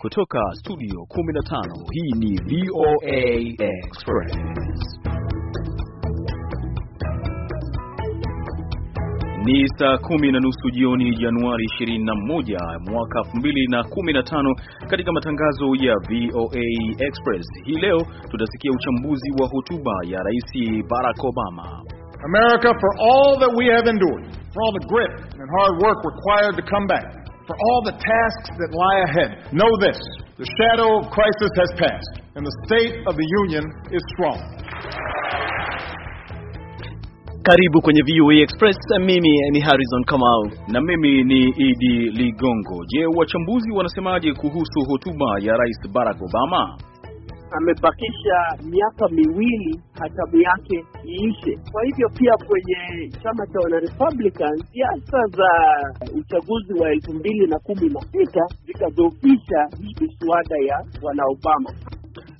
Kutoka studio 15 hii ni VOA Express. Ni saa kumi na nusu jioni Januari 21 mwaka 2015. Katika matangazo ya VOA Express hii leo tutasikia uchambuzi wa hotuba ya Rais Barack Obama. America for all that we have endured, for all the grit and hard work required to come back for all the tasks that lie ahead. Know this the shadow of crisis has passed, and the state of the union is strong. Karibu kwenye VOA Express. Mimi ni Harrison Kamau na mimi ni Idi Ligongo. Je, wachambuzi wanasemaje kuhusu hotuba ya Rais Barack Obama? amebakisha miaka miwili hatamu yake iishe. Kwa hivyo pia kwenye chama cha wanarepublican siasa za uchaguzi wa elfu mbili na kumi na sita zikadhoofisha hii miswada ya bwana Obama.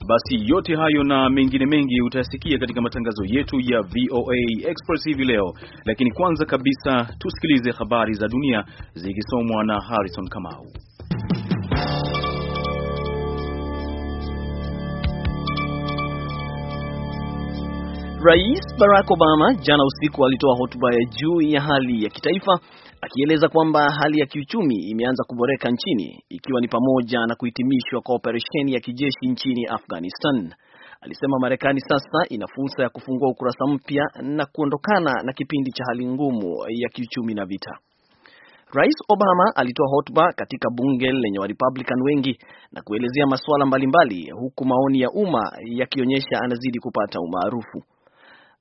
Basi yote hayo na mengine mengi utayasikia katika matangazo yetu ya VOA Express hivi leo, lakini kwanza kabisa tusikilize habari za dunia zikisomwa na Harrison Kamau. Rais Barack Obama jana usiku alitoa hotuba ya juu ya hali ya kitaifa akieleza kwamba hali ya kiuchumi imeanza kuboreka nchini ikiwa ni pamoja na kuhitimishwa kwa operesheni ya kijeshi nchini Afghanistan. Alisema Marekani sasa ina fursa ya kufungua ukurasa mpya na kuondokana na kipindi cha hali ngumu ya kiuchumi na vita. Rais Obama alitoa hotuba katika bunge lenye Warepublican wengi na kuelezea masuala mbalimbali, huku maoni ya umma yakionyesha anazidi kupata umaarufu.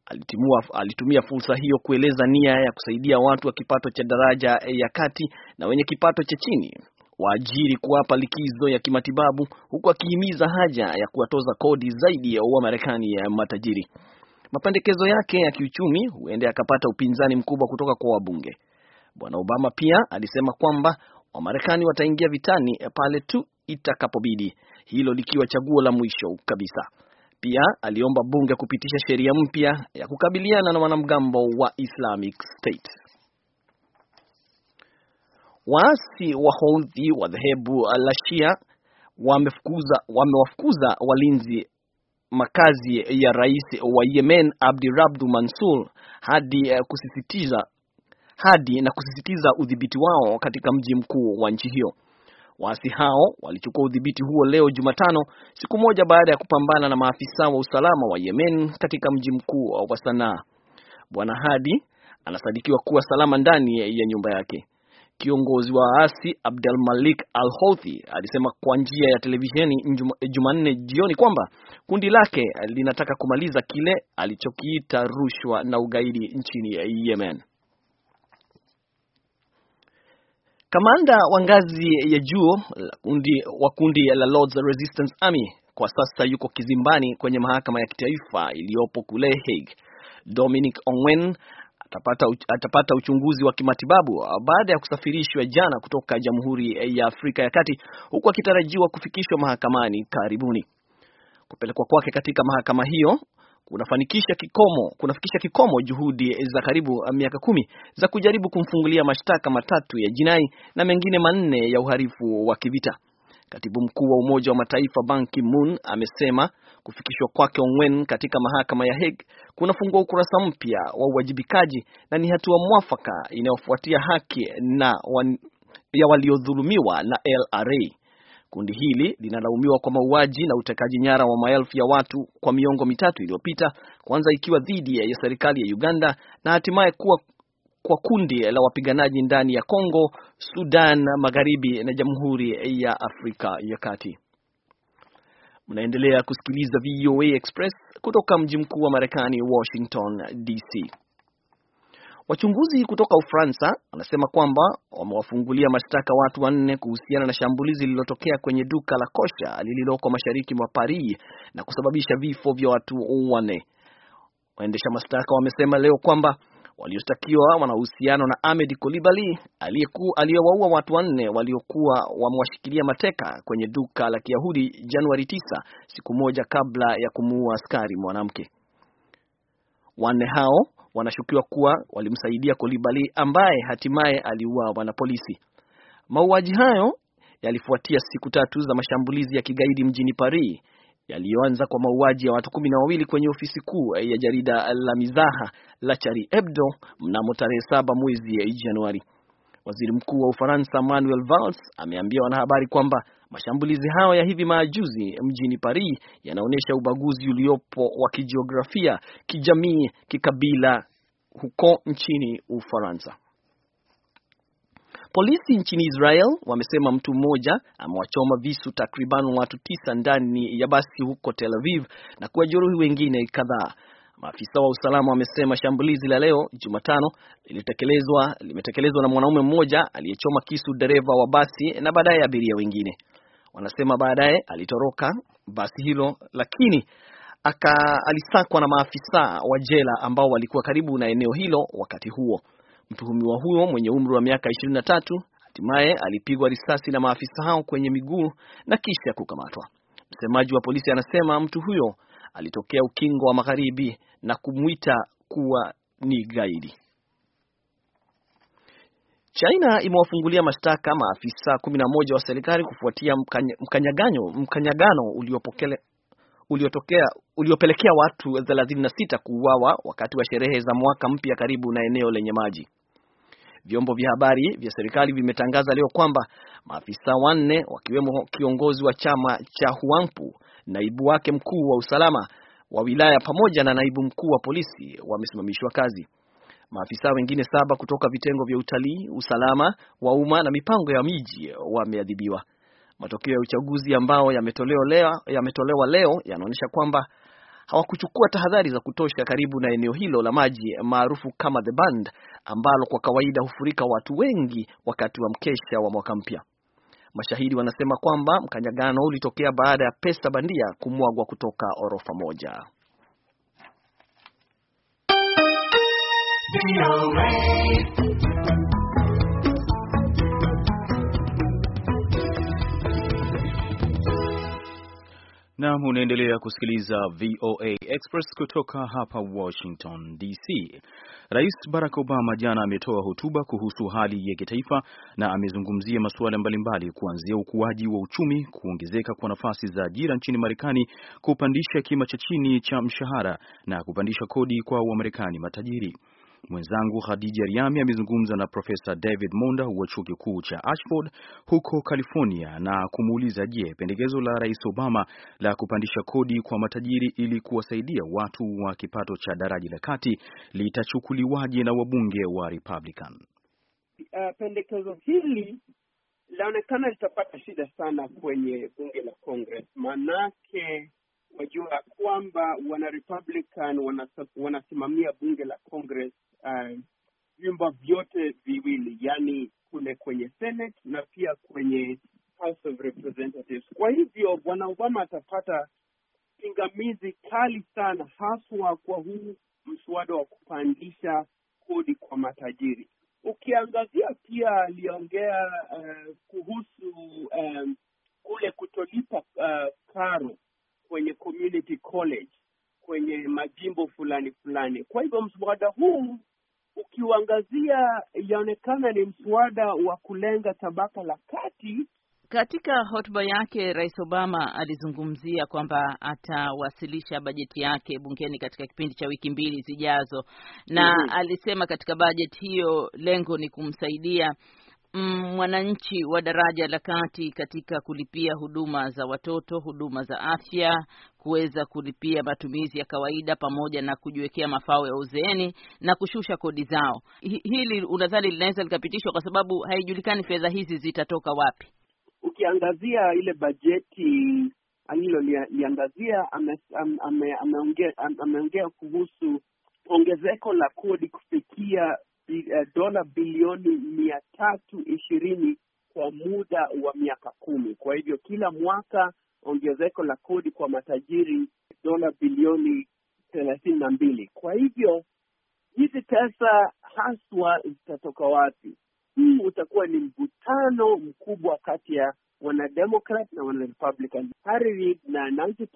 Alitimua, alitumia fursa hiyo kueleza nia ya kusaidia watu wa kipato cha daraja ya kati na wenye kipato cha chini waajiri kuwapa likizo ya kimatibabu huku akihimiza haja ya kuwatoza kodi zaidi ya Wamarekani ya matajiri. Mapendekezo yake ya kiuchumi huenda yakapata upinzani mkubwa kutoka kwa wabunge. Bwana Obama pia alisema kwamba Wamarekani wataingia vitani pale tu itakapobidi, hilo likiwa chaguo la mwisho kabisa. Pia aliomba bunge kupitisha sheria mpya ya kukabiliana na wanamgambo wa Islamic State. Waasi wa Houthi wa dhehebu la Shia wamewafukuza walinzi makazi ya rais wa Yemen Abdirabdu Mansur hadi eh, kusisitiza hadi na kusisitiza udhibiti wao katika mji mkuu wa nchi hiyo. Waasi hao walichukua udhibiti huo leo Jumatano, siku moja baada ya kupambana na maafisa wa usalama wa Yemen katika mji mkuu wa Sanaa. Bwana Hadi anasadikiwa kuwa salama ndani ya nyumba yake. Kiongozi wa waasi Abdul Malik Al Houthi alisema kwa njia ya televisheni Jumanne jioni kwamba kundi lake linataka kumaliza kile alichokiita rushwa na ugaidi nchini Yemen. Kamanda wa ngazi ya juu wa kundi la Lords Resistance Army kwa sasa yuko kizimbani kwenye mahakama ya kitaifa iliyopo kule Hague. Dominic Ongwen atapata, atapata uchunguzi wa kimatibabu baada ya kusafirishwa jana kutoka Jamhuri ya Afrika ya Kati huku akitarajiwa kufikishwa mahakamani karibuni. Kupelekwa kwake katika mahakama hiyo kunafanikisha kikomo kunafikisha kikomo juhudi za karibu eh, miaka kumi za kujaribu kumfungulia mashtaka matatu ya jinai na mengine manne ya uhalifu wa kivita. Katibu mkuu wa Umoja wa Mataifa Ban Ki-moon amesema kufikishwa kwake Ongwen katika mahakama ya Hague kunafungua ukurasa mpya wa uwajibikaji na ni hatua mwafaka inayofuatia haki na wan... ya waliodhulumiwa na LRA. Kundi hili linalaumiwa kwa mauaji na utekaji nyara wa maelfu ya watu kwa miongo mitatu iliyopita, kwanza ikiwa dhidi ya serikali ya Uganda na hatimaye kuwa kwa kundi la wapiganaji ndani ya Kongo, Sudan Magharibi na Jamhuri ya Afrika ya Kati. Mnaendelea kusikiliza VOA Express kutoka mji mkuu wa Marekani, Washington DC. Wachunguzi kutoka Ufaransa wanasema kwamba wamewafungulia mashtaka watu wanne kuhusiana na shambulizi lililotokea kwenye duka la kosha lililoko mashariki mwa Paris na kusababisha vifo vya watu wanne. Waendesha mashtaka wamesema leo kwamba walioshtakiwa wana uhusiano na Ahmed Kolibali aliyewaua watu wanne waliokuwa wamewashikilia mateka kwenye duka la Kiyahudi Januari 9, siku moja kabla ya kumuua askari mwanamke. Wanne hao wanashukiwa kuwa walimsaidia Kolibali ambaye hatimaye aliuawa na polisi. Mauaji hayo yalifuatia siku tatu za mashambulizi ya kigaidi mjini Paris yaliyoanza kwa mauaji ya watu kumi na wawili kwenye ofisi kuu ya jarida la mizaha la chari Hebdo mnamo tarehe saba mwezi Januari. Waziri Mkuu wa Ufaransa Manuel Valls ameambia wanahabari kwamba Mashambulizi hayo ya hivi majuzi mjini Paris yanaonyesha ubaguzi uliopo wa kijiografia, kijamii, kikabila huko nchini Ufaransa. Polisi nchini Israel wamesema mtu mmoja amewachoma visu takriban watu tisa ndani ya basi huko Tel Aviv na kuwajeruhi wengine kadhaa. Maafisa wa usalama wamesema shambulizi la leo Jumatano lilitekelezwa limetekelezwa na mwanaume mmoja aliyechoma kisu dereva wa basi na baadaye abiria wengine. Wanasema baadaye alitoroka basi hilo, lakini aka alisakwa na maafisa wa jela ambao walikuwa karibu na eneo hilo wakati huo. Mtuhumiwa huyo mwenye umri wa miaka 23 hatimaye alipigwa risasi na maafisa hao kwenye miguu na kisha kukamatwa. Msemaji wa polisi anasema mtu huyo alitokea ukingo wa magharibi na kumwita kuwa ni gaidi. China imewafungulia mashtaka maafisa 11 wa serikali kufuatia mkanyaganyo mkanyagano uliotokea uliopelekea watu 36 kuuawa wakati wa sherehe za mwaka mpya karibu na eneo lenye maji. Vyombo vya habari vya serikali vimetangaza leo kwamba maafisa wanne wakiwemo kiongozi wa chama cha Huangpu naibu wake mkuu wa usalama wa wilaya pamoja na naibu mkuu wa polisi wamesimamishwa kazi. Maafisa wengine saba kutoka vitengo vya utalii, usalama wa umma na mipango ya miji wameadhibiwa. Matokeo ya uchaguzi ambao yametolewa yametolewa leo yanaonyesha kwamba hawakuchukua tahadhari za kutosha karibu na eneo hilo la maji maarufu kama The Bund ambalo kwa kawaida hufurika watu wengi wakati wa mkesha wa mwaka mpya. Mashahidi wanasema kwamba mkanyagano ulitokea baada ya pesa bandia kumwagwa kutoka orofa moja. nam unaendelea kusikiliza VOA Express kutoka hapa Washington DC. Rais Barack Obama jana ametoa hotuba kuhusu hali ya kitaifa na amezungumzia masuala mbalimbali kuanzia ukuaji wa uchumi, kuongezeka kwa nafasi za ajira nchini Marekani, kupandisha kima cha chini cha mshahara na kupandisha kodi kwa Wamarekani matajiri. Mwenzangu Khadija Riami amezungumza na Profesa David Monda wa chuo kikuu cha Ashford huko California na kumuuliza je, pendekezo la Rais Obama la kupandisha kodi kwa matajiri ili kuwasaidia watu wa kipato cha daraja la kati litachukuliwaje na wabunge wa Republican? Uh, pendekezo hili laonekana litapata shida sana kwenye bunge la Congress, manake wajua kwamba wana Republican wanasimamia bunge la Congress eh, vyumba uh, vyote viwili, yani kule kwenye Senate na pia kwenye House of Representatives. Kwa hivyo bwana Obama atapata pingamizi kali sana, haswa kwa huu mswada wa kupandisha kodi kwa matajiri. Ukiangazia pia aliongea uh, kuhusu um, kule kutolipa uh, karo kwenye community college kwenye majimbo fulani fulani. Kwa hivyo mswada huu ukiuangazia, yaonekana ni mswada wa kulenga tabaka la kati. Katika hotuba yake, Rais Obama alizungumzia kwamba atawasilisha bajeti yake bungeni katika kipindi cha wiki mbili zijazo, na mm -hmm. alisema katika bajeti hiyo lengo ni kumsaidia Mm, mwananchi wa daraja la kati katika kulipia huduma za watoto, huduma za afya, kuweza kulipia matumizi ya kawaida, pamoja na kujiwekea mafao ya uzeeni na kushusha kodi zao. Hili unadhani linaweza likapitishwa? Kwa sababu haijulikani fedha hizi zitatoka wapi. Ukiangazia ile bajeti aliloliangazia, ah, ameongea kuhusu ongezeko la kodi kufikia Eh, dola bilioni mia tatu ishirini kwa muda wa miaka kumi. Kwa hivyo kila mwaka ongezeko la kodi kwa matajiri dola bilioni thelathini na mbili. Kwa hivyo hizi pesa haswa zitatoka wapi? Hii utakuwa ni mvutano mkubwa kati ya wanademokrat na wanarepublican. Harry Reid na Nancy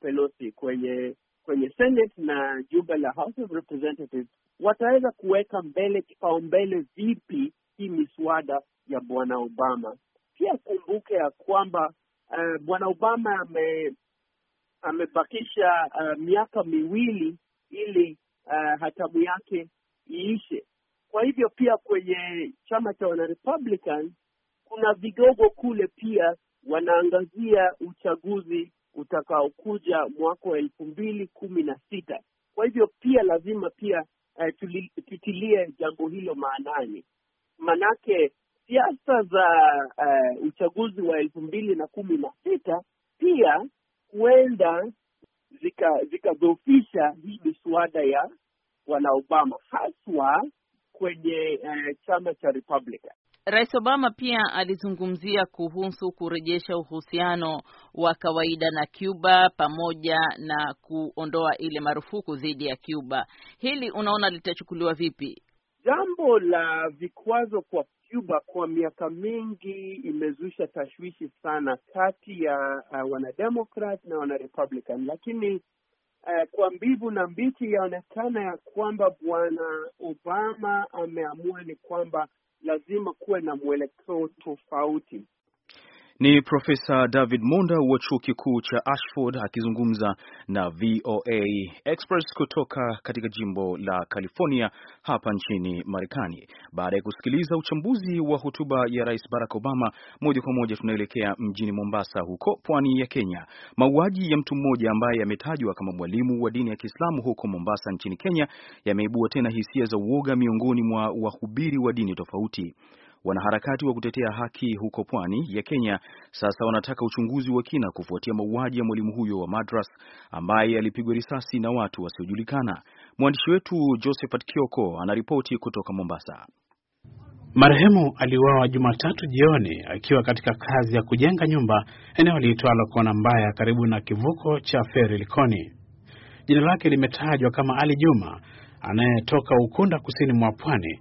Pelosi kwenye kwenye Senate na jumba la House of Representatives wataweza kuweka mbele kipaumbele vipi hii miswada ya bwana Obama. Pia kumbuke ya kwamba uh, bwana Obama ame, amebakisha uh, miaka miwili ili uh, hatamu yake iishe. Kwa hivyo pia kwenye chama cha wanarepublican kuna vigogo kule pia wanaangazia uchaguzi utakaokuja mwaka wa elfu mbili kumi na sita. Kwa hivyo pia lazima pia eh, tutilie jambo hilo maanani, manake siasa za uh, uchaguzi wa elfu mbili na kumi na sita pia huenda zikadhofisha zika hii miswada ya Bwana Obama haswa kwenye uh, chama cha Republican. Rais Obama pia alizungumzia kuhusu kurejesha uhusiano wa kawaida na Cuba pamoja na kuondoa ile marufuku dhidi ya Cuba. Hili unaona litachukuliwa vipi? Jambo la vikwazo kwa Cuba kwa miaka mingi imezusha tashwishi sana kati ya uh, wanademokrat na wanarepublican, lakini uh, kwa mbivu na mbichi yaonekana ya kwamba bwana Obama ameamua ni kwamba lazima kuwe na mwelekeo tofauti. Ni Profesa David Munda wa chuo kikuu cha Ashford akizungumza na VOA Express kutoka katika jimbo la California hapa nchini Marekani. Baada ya kusikiliza uchambuzi wa hotuba ya Rais Barack Obama, moja kwa moja tunaelekea mjini Mombasa huko pwani ya Kenya. Mauaji ya mtu mmoja ambaye ametajwa kama mwalimu wa dini ya Kiislamu huko Mombasa nchini Kenya yameibua tena hisia za uoga miongoni mwa wahubiri wa dini tofauti. Wanaharakati wa kutetea haki huko pwani ya Kenya sasa wanataka uchunguzi wa kina kufuatia mauaji ya mwalimu huyo wa madras ambaye alipigwa risasi na watu wasiojulikana. Mwandishi wetu Josephat Kioko anaripoti kutoka Mombasa. Marehemu aliuawa Jumatatu jioni akiwa katika kazi ya kujenga nyumba eneo liitwalo Kona Mbaya, karibu na kivuko cha feri Likoni. Jina lake limetajwa kama Ali Juma anayetoka Ukunda, kusini mwa pwani,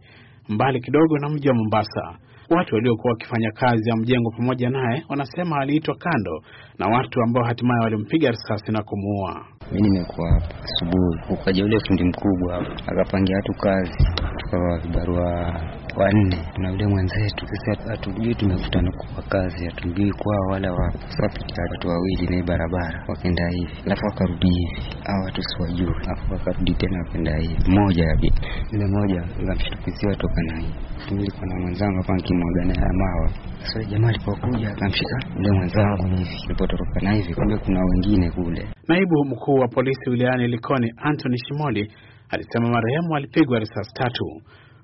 mbali kidogo na mji wa Mombasa. Watu waliokuwa wakifanya kazi ya mjengo pamoja naye wanasema aliitwa kando na watu ambao hatimaye walimpiga risasi na kumuua. Mi nimekuwa asubuhi, ukaja ule fundi mkubwa akapangia watu kazi, tukawa vibarua wanne na yule mwenzetu. Sisi hatujui tumekutana kwa kazi, hatujui kwao wala wapo. Sapita watu wawili na barabara wakenda hivi, alafu wakarudi hivi, hao watu siwajui, alafu wakarudi tena wakenda hivi. Moja yabi yule moja kamshtukizia toka na hii nilikuwa na mwenzangu hapa nikimwaga naye mawa. Sasa jamaa alipokuja akamshika yule mwenzangu hivi, nilipotoroka na hivi, kumbe kuna wengine kule. Naibu mkuu wa polisi wilayani Likoni Anthony Shimoli alisema marehemu alipigwa risasi tatu.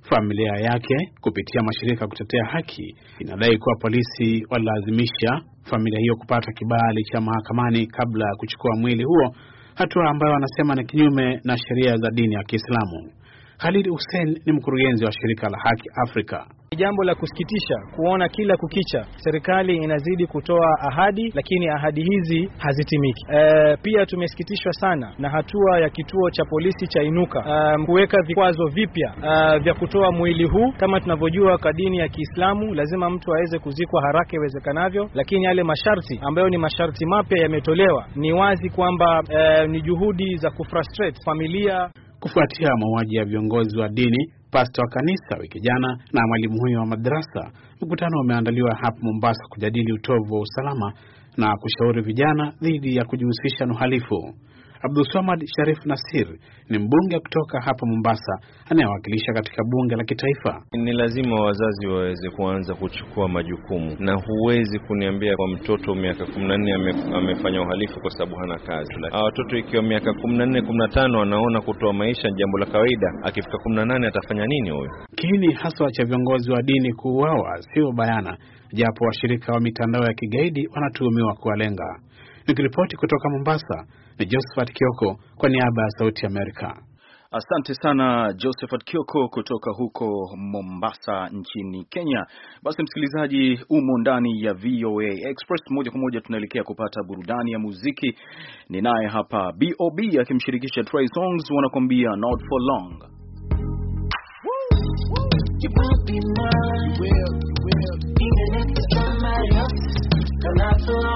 Familia yake kupitia mashirika ya kutetea haki inadai kuwa polisi walilazimisha familia hiyo kupata kibali cha mahakamani kabla ya kuchukua mwili huo, hatua ambayo wanasema ni kinyume na sheria za dini ya Kiislamu. Khalid Hussein ni mkurugenzi wa shirika la Haki Afrika. Ni jambo la kusikitisha kuona kila kukicha serikali inazidi kutoa ahadi, lakini ahadi hizi hazitimiki. E, pia tumesikitishwa sana na hatua ya kituo cha polisi cha Inuka e, kuweka vikwazo vipya e, vya kutoa mwili huu. Kama tunavyojua kwa dini ya Kiislamu lazima mtu aweze kuzikwa haraka iwezekanavyo, lakini yale masharti ambayo ni masharti mapya yametolewa, ni wazi kwamba e, ni juhudi za kufrustrate familia kufuatia mauaji ya viongozi wa dini pasta wa kanisa wiki jana na mwalimu huyo wa madrasa. Mkutano umeandaliwa hapa Mombasa kujadili utovu wa usalama na kushauri vijana dhidi ya kujihusisha na uhalifu. Abdulswamad Sharif Nasir ni mbunge kutoka hapa Mombasa anayewakilisha katika bunge la kitaifa. Ni lazima wazazi waweze kuanza kuchukua majukumu, na huwezi kuniambia kwa mtoto miaka kumi na nne amefanya uhalifu kwa sababu hana kazi. Watoto ikiwa miaka kumi na nne kumi na tano anaona kutoa maisha ni jambo la kawaida, akifika kumi na nane atafanya nini huyo? Kiini haswa cha viongozi wa dini kuuawa sio bayana, japo washirika wa mitandao ya kigaidi wanatuhumiwa kuwalenga. Nikiripoti kutoka Mombasa ni Josephat Kioko kwa niaba ya Sauti Amerika. Asante sana Josephat Kioko kutoka huko Mombasa nchini Kenya. Basi msikilizaji, umo ndani ya VOA Express moja kwa moja, tunaelekea kupata burudani ya muziki. Ni naye hapa Bob akimshirikisha Trey Songs, wanakuambia not for long. Woo, woo.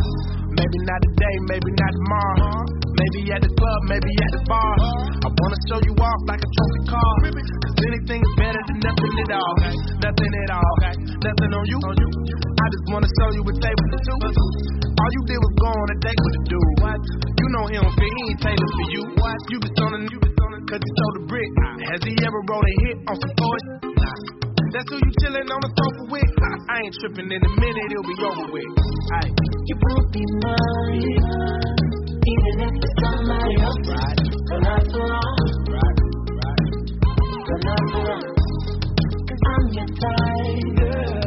Maybe not today, maybe not tomorrow. Maybe at the club, maybe at the bar. I wanna show you off like a trophy car. Cause anything is better than nothing at all. Nothing at all. Nothing on you. I just wanna show you what they would do. All you did was go on a date with a dude. What? You know him, he ain't tailored for you. What? You just on a, you just on cause he stole the brick. Has he ever wrote a hit on some boys? Nah. That's who you chillin' on the sofa with. I ain't trippin' in a minute, it'll be over with. Aight. You won't be mine, even if it's somebody else. Right. But not for long. Right. Right. But not for long. Cause I'm your tiger.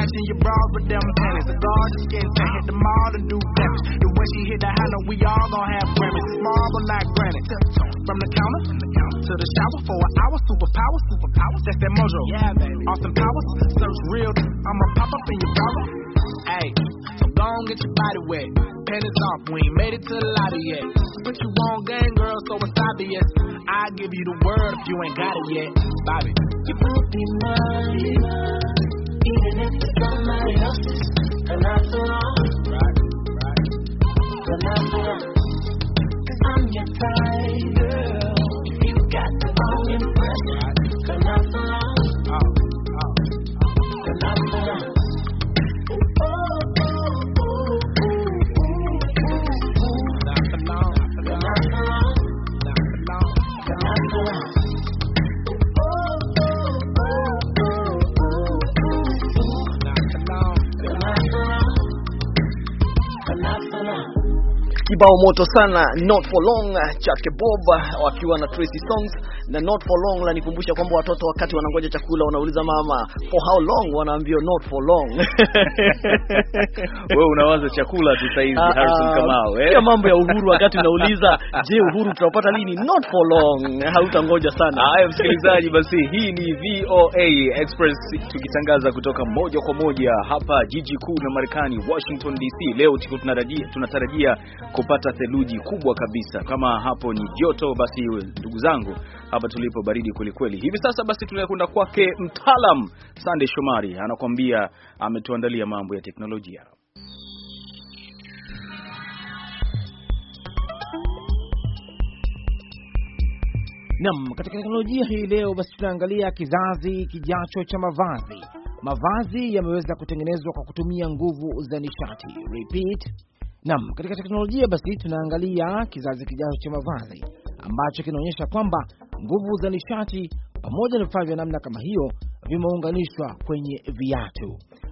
matching your bras with them panties. The guard just getting to hit the mall to do damage. The way she hit the handle, we all gon' kibao moto sana not for long chake Bob wakiwa na Tracy Songs na not for long la nikumbusha kwamba watoto wakati wanangoja chakula wanauliza mama for how long, wanaambia not for long. Wewe unawaza chakula tu hivi ah, Harrison ah, Kamau, eh, mambo ya uhuru. Wakati unauliza je, uhuru tutapata lini? Not for long, hautangoja sana. Haya msikilizaji, basi hii ni VOA Express tukitangaza kutoka moja kwa moja hapa jiji kuu la Marekani, Washington DC. Leo tunatarajia tunatarajia kupata theluji kubwa kabisa. Kama hapo ni joto, basi ndugu zangu hapa tulipo baridi kwelikweli. Hivi sasa basi tunakwenda kwake mtaalam Sande Shomari, anakuambia ametuandalia mambo ya teknolojia. Naam, katika teknolojia hii leo basi tunaangalia kizazi kijacho cha mavazi. Mavazi yameweza kutengenezwa kwa kutumia nguvu za nishati. Repeat. Naam, katika teknolojia basi tunaangalia kizazi kijacho cha mavazi ambacho kinaonyesha kwamba nguvu za nishati pamoja na vifaa vya namna kama hiyo vimeunganishwa kwenye viatu.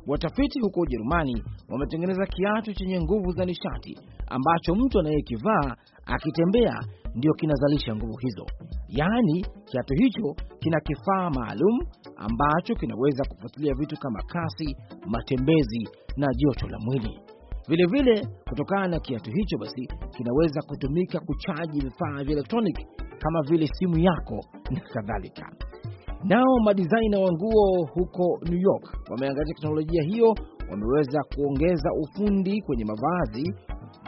Watafiti huko Ujerumani wametengeneza kiatu chenye nguvu za nishati ambacho mtu anayekivaa akitembea ndio kinazalisha nguvu hizo. Yaani, kiatu hicho kina kifaa maalum ambacho kinaweza kufuatilia vitu kama kasi, matembezi na joto la mwili. Vilevile, kutokana na kiatu hicho, basi kinaweza kutumika kuchaji vifaa vya elektroniki kama vile simu yako na kadhalika. Nao madizaina wa nguo huko New York wameangalia teknolojia hiyo, wameweza kuongeza ufundi kwenye mavazi.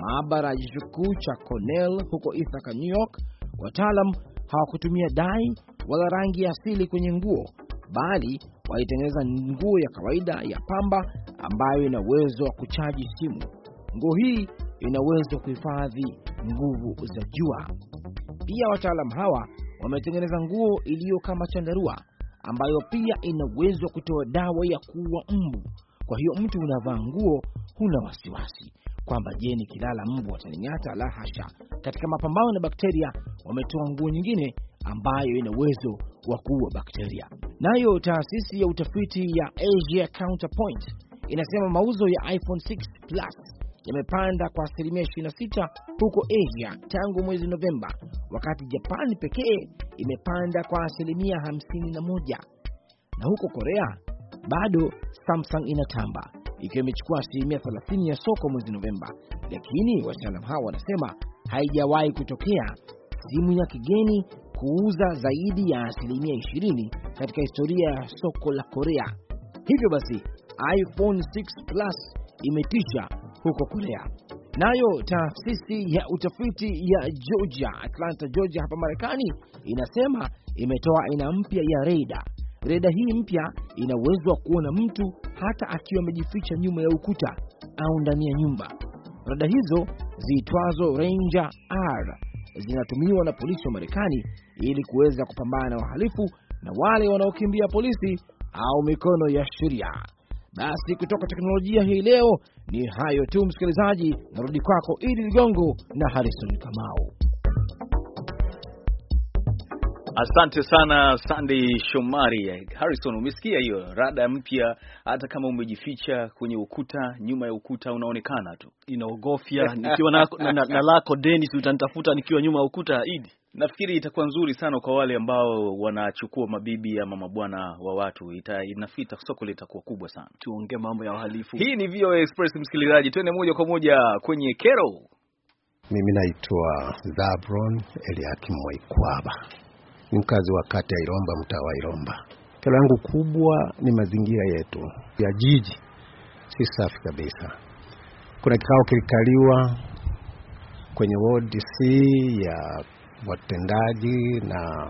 Maabara ya chuo kikuu cha Cornell huko Ithaca, New York, wataalam hawakutumia dai wala rangi ya asili kwenye nguo, bali walitengeneza nguo ya kawaida ya pamba ambayo ina uwezo wa kuchaji simu. Nguo hii ina uwezo wa kuhifadhi nguvu za jua. Pia wataalamu hawa wametengeneza nguo iliyo kama chandarua ambayo pia ina uwezo wa kutoa dawa ya kuua mbu. Kwa hiyo mtu unavaa nguo, huna wasiwasi kwamba je, ni kilala mbu wataning'ata? La hasha. Katika mapambano na bakteria, wametoa nguo nyingine ambayo ina uwezo wa kuua bakteria. Nayo taasisi ya utafiti ya Asia Counterpoint inasema mauzo ya iPhone 6 Plus yamepanda kwa asilimia 26 huko Asia tangu mwezi Novemba, wakati Japani pekee imepanda kwa asilimia 51, na huko Korea bado Samsung inatamba ikiwa imechukua asilimia 30 ya soko mwezi Novemba, lakini wataalamu hao wanasema haijawahi kutokea simu ya kigeni kuuza zaidi ya asilimia 20 katika historia ya soko la Korea. Hivyo basi iPhone 6 Plus imetisha huko Korea. Nayo taasisi ya utafiti ya Georgia, Atlanta Georgia, hapa Marekani inasema imetoa aina mpya ya reda. Reda hii mpya ina uwezo wa kuona mtu hata akiwa amejificha nyuma ya ukuta au ndani ya nyumba. Rada hizo ziitwazo Ranger R zinatumiwa na polisi wa Marekani ili kuweza kupambana na wahalifu na wale wanaokimbia polisi au mikono ya sheria. Basi kutoka teknolojia hii leo ni hayo tu, msikilizaji. Narudi kwako Idi Ligongo na Harrison Kamau. Asante sana Sandy Shomari. Harrison, umesikia hiyo rada mpya? Hata kama umejificha kwenye ukuta, nyuma ya ukuta unaonekana tu, inaogofya nikiwa na, na, na, na lako Dennis, utanitafuta nikiwa nyuma ya ukuta. Idi, nafikiri itakuwa nzuri sana kwa wale ambao wanachukua mabibi ama mabwana wa watu. Inafita soko litakuwa kubwa sana. Tuongee mambo ya uhalifu. Hii ni VOA Express, msikilizaji, twende moja kwa moja kwenye kero. Mimi naitwa Zabron Eliakim Mwaikwaba ni mkazi wa kata ya Iromba, mtaa wa Iromba. Kero yangu kubwa ni mazingira yetu ya jiji, si safi kabisa. Kuna kikao kilikaliwa kwenye wodi C ya watendaji na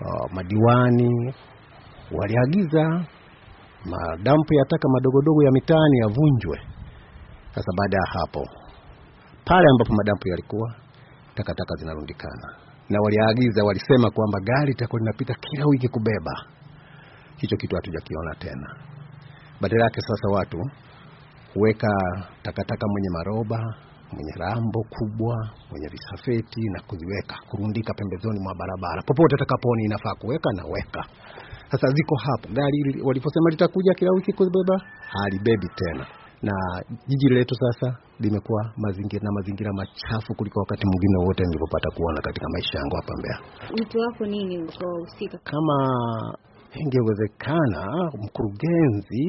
uh, madiwani waliagiza madampu ya taka madogodogo ya mitaani yavunjwe. Sasa baada ya hapo, pale ambapo madampu yalikuwa, takataka zinarundikana na waliagiza, walisema kwamba gari itakuwa linapita kila wiki kubeba. Hicho kitu hatujakiona tena. Badala yake sasa watu huweka takataka, mwenye maroba, mwenye rambo kubwa, mwenye visafeti na kuziweka kurundika pembezoni mwa barabara, popote atakaponi inafaa kuweka na weka. Sasa ziko hapo, gari waliposema litakuja kila wiki kubeba, halibebi tena, na jiji letu sasa limekuwa mazingira na mazingira machafu kuliko wakati mwingine wote nilipopata kuona katika maisha yangu hapa Mbeya. Wito wako nini husika? Kama ingewezekana, mkurugenzi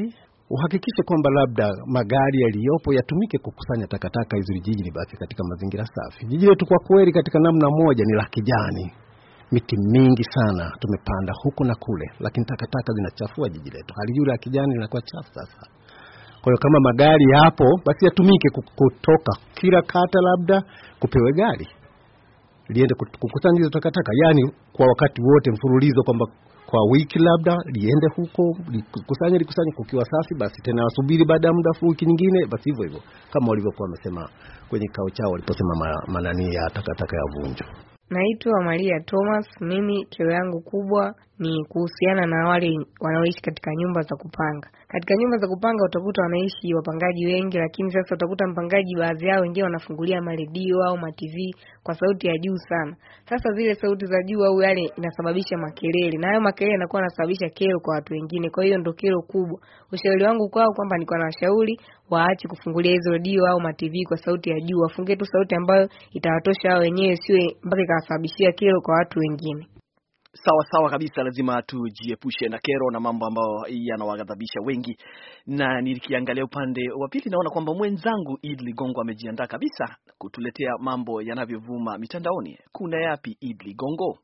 uhakikishe kwamba labda magari yaliyopo yatumike kukusanya takataka hizo, jiji libaki katika mazingira safi. Jiji letu kwa kweli, katika namna moja, ni la kijani miti mingi sana tumepanda huku na kule, lakini takataka zinachafua jiji letu. Hali juu la kijani linakuwa chafu sasa. Kwa hiyo kama magari yapo basi yatumike kutoka kila kata, labda kupewe gari liende kukusanya hizo takataka, yani kwa wakati wote mfululizo, kwamba kwa wiki labda liende huko likusanye, likusanye kukiwa safi, basi tena wasubiri baada ya muda wiki nyingine, basi hivyo hivyo kama walivyokuwa wamesema kwenye kikao chao waliposema manani ya takataka ya Vunjo. Naitwa Maria Thomas, mimi kero yangu kubwa ni kuhusiana na wale wanaoishi katika nyumba za kupanga. Katika nyumba za kupanga utakuta wanaishi wapangaji wengi, lakini sasa utakuta mpangaji baadhi yao wengine wanafungulia maredio au ma TV kwa sauti ya juu sana. Sasa zile sauti za juu au yale inasababisha makelele, na hayo makelele yanakuwa yanasababisha kero kwa watu wengine, kwa hiyo ndio kero kubwa. Ushauri wangu kwao kwamba nilikuwa na washauri waache kufungulia hizo redio au ma TV kwa sauti ya juu, wafunge tu sauti ambayo itawatosha wao wenyewe, siwe mpaka ikawasababishia kero kwa watu wengine. Sawa sawa kabisa, lazima tujiepushe na kero na mambo ambayo yanawaghadhabisha wengi. Na nikiangalia upande wa pili, naona kwamba mwenzangu Id Ligongo amejiandaa kabisa kutuletea mambo yanavyovuma mitandaoni. Kuna yapi, Id Ligongo?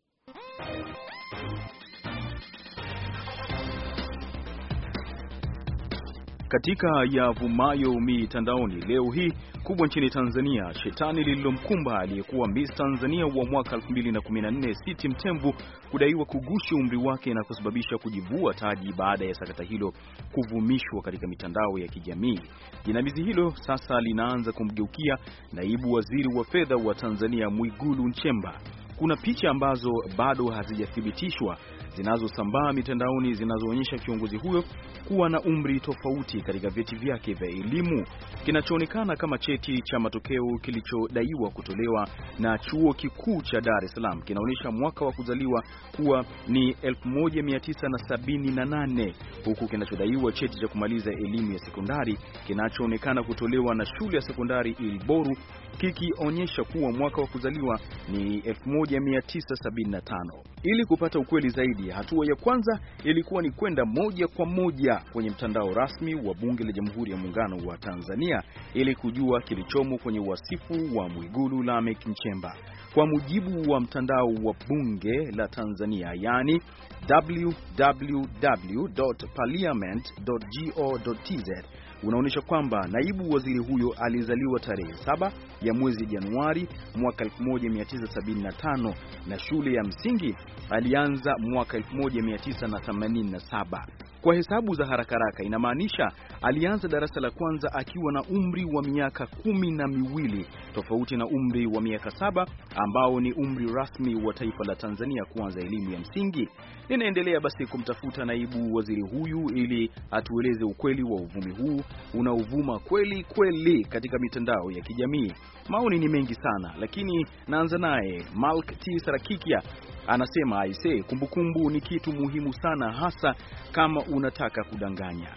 katika yavumayo mitandaoni leo hii kubwa nchini Tanzania, shetani lililomkumba aliyekuwa Miss Tanzania wa mwaka 2014 Siti Mtemvu kudaiwa kugushi umri wake na kusababisha kujivua taji baada ya sakata hilo kuvumishwa katika mitandao ya kijamii. Jinamizi hilo sasa linaanza kumgeukia naibu waziri wa fedha wa Tanzania Mwigulu Nchemba. Kuna picha ambazo bado hazijathibitishwa zinazosambaa mitandaoni zinazoonyesha kiongozi huyo kuwa na umri tofauti katika vyeti vyake vya elimu, kinachoonekana kama cheti cha matokeo kilichodaiwa kutolewa na chuo kikuu cha Dar es Salaam kinaonyesha mwaka wa kuzaliwa kuwa ni 1978 huku kinachodaiwa cheti cha kumaliza elimu ya sekondari kinachoonekana kutolewa na shule ya sekondari Ilboru kikionyesha kuwa mwaka wa kuzaliwa ni 1975. Ili kupata ukweli zaidi, hatua ya kwanza ilikuwa ni kwenda moja kwa moja kwenye mtandao rasmi wa Bunge la Jamhuri ya Muungano wa Tanzania ili kujua kilichomo kwenye wasifu wa Mwigulu Lameck Nchemba. Kwa mujibu wa mtandao wa Bunge la Tanzania, yani www.parliament.go.tz unaonyesha kwamba naibu waziri huyo alizaliwa tarehe saba ya mwezi Januari mwaka 1975 na shule ya msingi alianza mwaka 1987. Kwa hesabu za haraka haraka inamaanisha alianza darasa la kwanza akiwa na umri wa miaka kumi na miwili, tofauti na umri wa miaka saba ambao ni umri rasmi wa taifa la Tanzania kuanza elimu ya msingi. Ninaendelea basi kumtafuta naibu waziri huyu ili atueleze ukweli wa uvumi huu unaovuma kweli kweli katika mitandao ya kijamii. Maoni ni mengi sana, lakini naanza naye Malk T Sarakikia anasema aise, kumbukumbu ni kitu muhimu sana, hasa kama unataka kudanganya.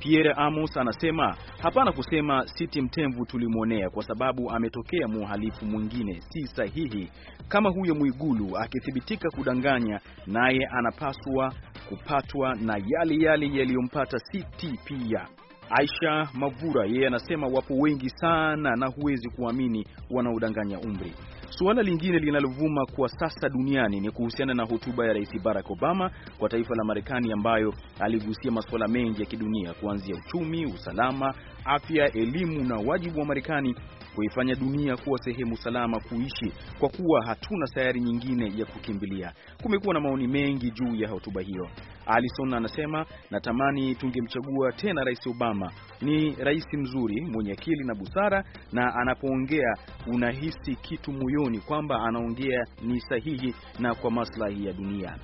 Pierre Amos anasema hapana kusema Siti Mtemvu tulimwonea kwa sababu ametokea muhalifu mwingine, si sahihi. Kama huyo Mwigulu akithibitika kudanganya, naye anapaswa kupatwa na yale yale yaliyompata Siti pia. Aisha Mavura yeye anasema wapo wengi sana na huwezi kuamini wanaodanganya umri. Suala lingine linalovuma kwa sasa duniani ni kuhusiana na hotuba ya Rais Barack Obama kwa taifa la Marekani ambayo aligusia masuala mengi ya kidunia kuanzia uchumi, usalama, afya, elimu na wajibu wa Marekani kuifanya dunia kuwa sehemu salama kuishi kwa kuwa hatuna sayari nyingine ya kukimbilia. Kumekuwa na maoni mengi juu ya hotuba hiyo. Alison anasema natamani tungemchagua tena Rais Obama. Ni rais mzuri mwenye akili na busara, na anapoongea unahisi kitu moyoni kwamba anaongea ni sahihi na kwa maslahi ya dunia.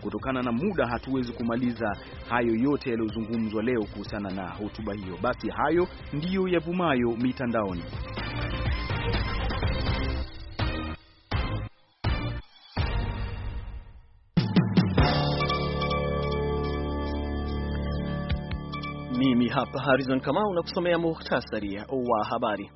Kutokana na muda hatuwezi kumaliza hayo yote yaliyozungumzwa leo kuhusiana na hotuba hiyo. Basi hayo ndiyo yavumayo mitandaoni. hapa Harrison Kamau na kusomea muhtasari wa habari.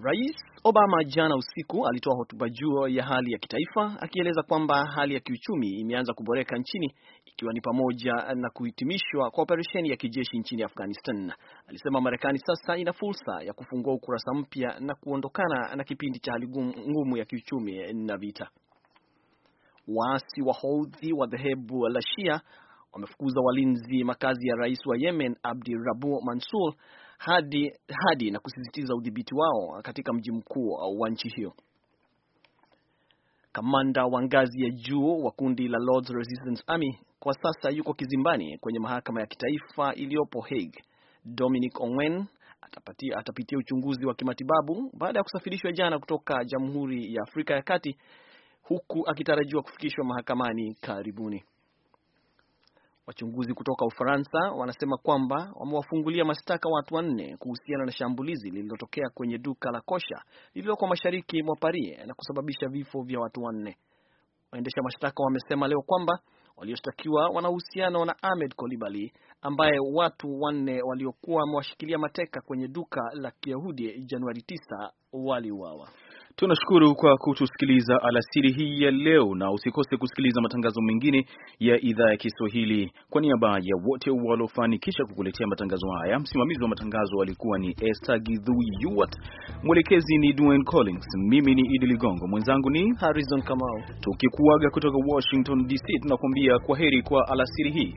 Rais Obama jana usiku alitoa hotuba juu ya hali ya kitaifa akieleza kwamba hali ya kiuchumi imeanza kuboreka nchini ikiwa ni pamoja na kuhitimishwa kwa operesheni ya kijeshi nchini Afghanistan. Alisema Marekani sasa ina fursa ya kufungua ukurasa mpya na kuondokana na kipindi cha hali ngumu ya kiuchumi na vita. Waasi wa Houthi wa dhehebu la Shia wamefukuza walinzi makazi ya rais wa Yemen Abdi Rabu Mansur hadi, hadi na kusisitiza udhibiti wao katika mji mkuu wa nchi hiyo. Kamanda wa ngazi ya juu wa kundi la Lords Resistance Army kwa sasa yuko kizimbani kwenye mahakama ya kitaifa iliyopo Hague. Dominic Ongwen atapatia, atapitia uchunguzi wa kimatibabu baada ya kusafirishwa jana kutoka Jamhuri ya Afrika ya Kati huku akitarajiwa kufikishwa mahakamani karibuni. Wachunguzi kutoka Ufaransa wanasema kwamba wamewafungulia mashtaka watu wanne kuhusiana na shambulizi lililotokea kwenye duka la kosha lililoko mashariki mwa Paris na kusababisha vifo vya watu wanne. Waendesha mashtaka wamesema leo kwamba walioshtakiwa wana uhusiano na Ahmed Kolibali ambaye watu wanne waliokuwa wamewashikilia mateka kwenye duka la Kiyahudi Januari 9 waliuawa. Tunashukuru kwa kutusikiliza alasiri hii ya leo, na usikose kusikiliza matangazo mengine ya idhaa ya Kiswahili. Kwa niaba ya wote waliofanikisha kukuletea matangazo haya, msimamizi wa matangazo alikuwa ni Esther Gidhui Yuwat, mwelekezi ni Dwayne Collins, mimi ni Idi Ligongo, mwenzangu ni Harrison Kamau, tukikuaga kutoka Washington DC, tunakuambia kwa heri kwa alasiri hii.